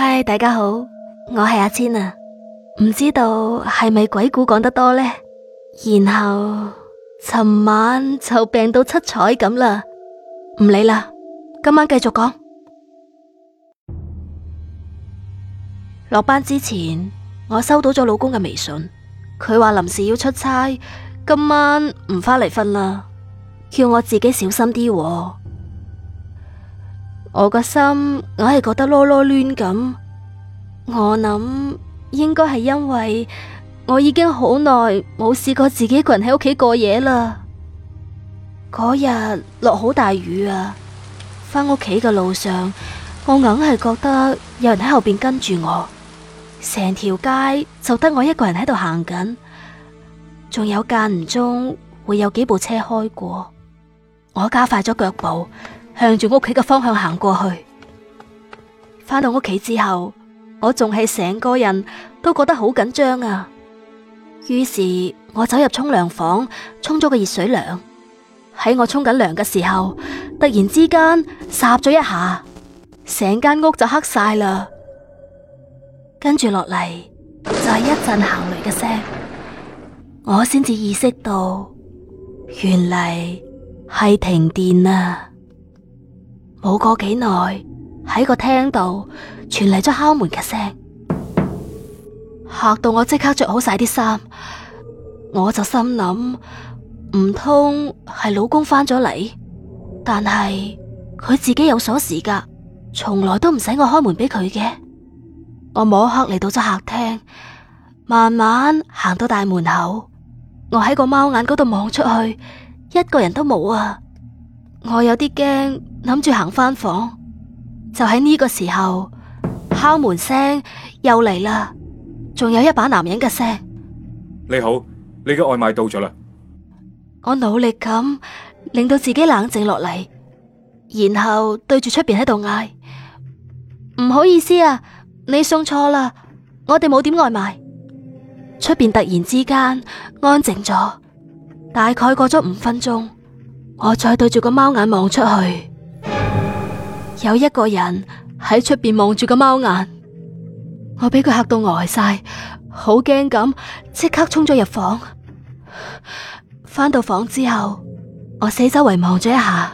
嗨，Hi，大家好，我係阿千啊，唔知道係咪鬼故講得多呢？然後尋晚就病到七彩咁啦，唔理啦，今晚繼續講。落班之前，我收到咗老公嘅微信，佢話臨時要出差，今晚唔返嚟瞓啦，叫我自己小心啲喎。我個心硬係覺得囉囉攣咁，我諗應該係因為我已經好耐冇試過自己一個人喺屋企過夜啦。嗰日落好大雨啊，返屋企嘅路上，我硬係覺得有人喺後邊跟住我，成條街就得我一個人喺度行緊，仲有間唔中會有幾部車開過，我加快咗腳步，向住屋企嘅方向行過去。返到屋企之後，我仲係成個人都覺得好緊張啊。於是我走入沖涼房，沖咗個熱水涼。喺我沖緊涼嘅時候，突然之間霎咗一下，成間屋就黑晒啦。跟住落嚟就係一陣行雷嘅聲，我先至意識到，原來係停電啦。冇過幾耐，喺個廳度傳嚟咗敲門嘅聲，吓到我即刻着好晒啲衫，我就心諗，唔通係老公翻咗嚟？但係佢自己有鎖匙噶，從來都唔使我開門俾佢嘅。我摸黑嚟到咗客廳，慢慢行到大門口，我喺個貓眼嗰度望出去，一個人都冇啊！我有啲驚，諗住行翻房，就喺呢個時候，敲門聲又嚟啦，仲有一把男人嘅聲。你好，你嘅外賣到咗啦。我努力咁令到自己冷靜落嚟，然後對住出邊喺度嗌：唔好意思啊，你送錯啦，我哋冇點外賣。出邊突然之間安靜咗，大概過咗五分鐘。我再對住個貓眼望出去，有一個人喺出邊望住個貓眼，我俾佢吓到呆晒，好驚咁即刻衝咗入房。翻到房之後，我四周圍望咗一下，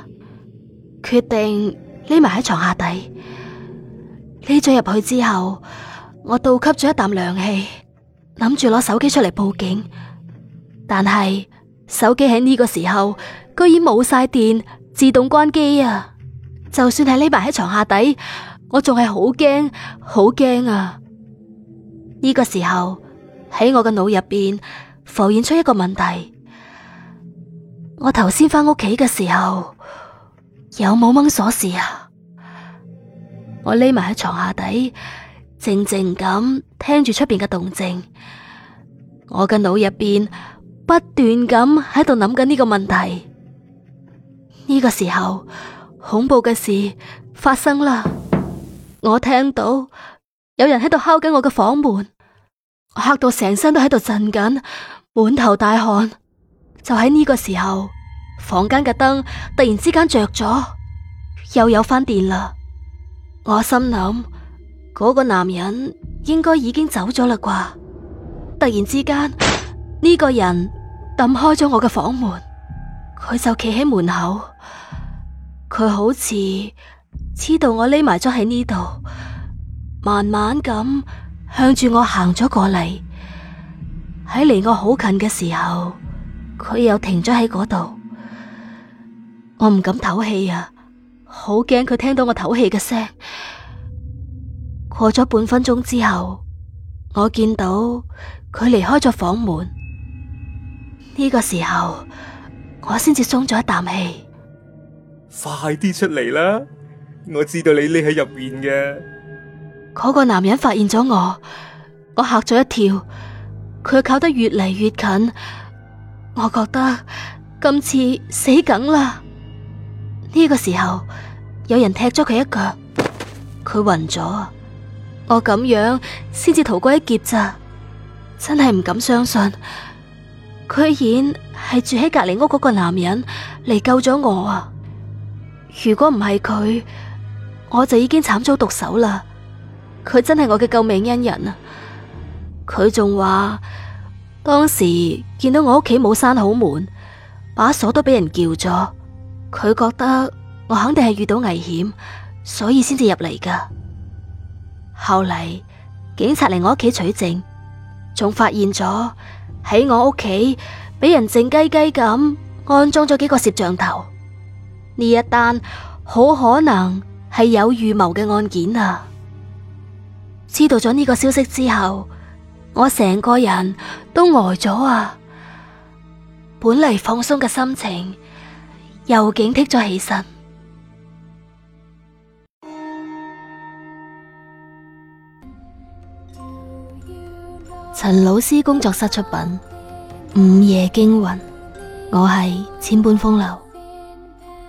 決定匿埋喺床下底。匿咗入去之後，我倒吸咗一啖涼氣，諗住攞手機出嚟報警，但係手機喺呢個時候，居然冇晒電，自動關機啊！就算係匿埋喺床下底，我仲係好驚，好驚啊！呢個時候喺我嘅腦入邊浮現出一個問題：我頭先翻屋企嘅時候有冇掹鎖匙啊？我匿埋喺床下底，靜靜咁聽住出邊嘅動靜，我嘅腦入邊不斷咁喺度諗緊呢個問題。呢個時候，恐怖嘅事發生啦！我聽到有人喺度敲緊我嘅房門，我吓到成身都喺度震緊，滿頭大汗。就喺呢個時候，房間嘅燈突然之間着咗，又有翻電啦！我心諗嗰個男人應該已經走咗啦啩。突然之間，呢個人抌開咗我嘅房門，佢就企喺門口。佢好似知道我匿埋咗喺呢度，慢慢咁向住我行咗過嚟。喺離我好近嘅時候，佢又停咗喺嗰度。我唔敢唞氣啊，好驚佢聽到我唞氣嘅聲。過咗半分鐘之後，我見到佢離開咗房門。呢個時候，我先至鬆咗一啖氣。快啲出嚟啦！我知道你匿喺入邊嘅。嗰個男人發現咗我，我吓咗一跳。佢靠得越嚟越近，我覺得今次死梗啦。呢個時候有人踢咗佢一腳，佢暈咗。我咁樣先至逃過一劫咋？真係唔敢相信，居然係住喺隔籬屋嗰個男人嚟救咗我啊！如果唔係佢，我就已經慘遭毒手啦！佢真係我嘅救命恩人啊！佢仲話當時見到我屋企冇閂好門，把鎖都俾人撬咗，佢覺得我肯定係遇到危險，所以先至入嚟噶。後來警察嚟我屋企取證，仲發現咗喺我屋企俾人靜雞雞咁安裝咗幾個攝像頭。呢一單好可能係有預謀嘅案件啊！知道咗呢個消息之後，我成個人都呆咗啊！本嚟放鬆嘅心情又警惕咗起身。 陳老師工作室出品《午夜驚魂》，我係千般風流。